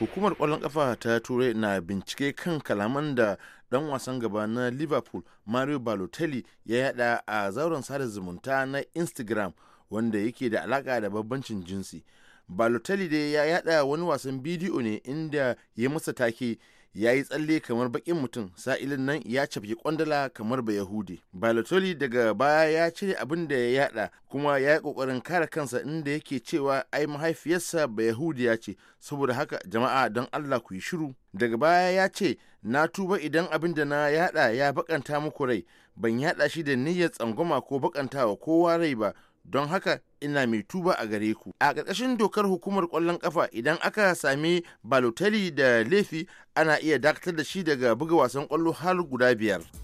hukumar kwallon kafa ta turai na bincike kan kalaman da dan wasan gaba na liverpool mario balotelli ya yada a zauren sada zumunta na instagram wanda yake da alaka da babbancin jinsi balotelli dai ya yada wani wasan bidiyo ne inda ya masa take ya yi tsalle kamar bakin mutum sa'ilin nan ya cafke kwandala kamar ba yahudi balotelli daga baya ya cire abin da ya yada kuma ya yi kokarin kare kansa inda yake cewa ai mahaifiyarsa ba yahudiya ce saboda haka jama'a don allah ku yi shiru daga baya ya ce na tuba idan abin da na yada ya bakanta muku rai ban yada shi da niyyar tsangwama ko bakantawa kowa rai ba don haka ina mai tuba a gare ku a ƙarƙashin dokar hukumar ƙwallon ƙafa idan aka sami balotelli da laifi ana iya dakatar da shi daga buga wasan ƙwallo har guda biyar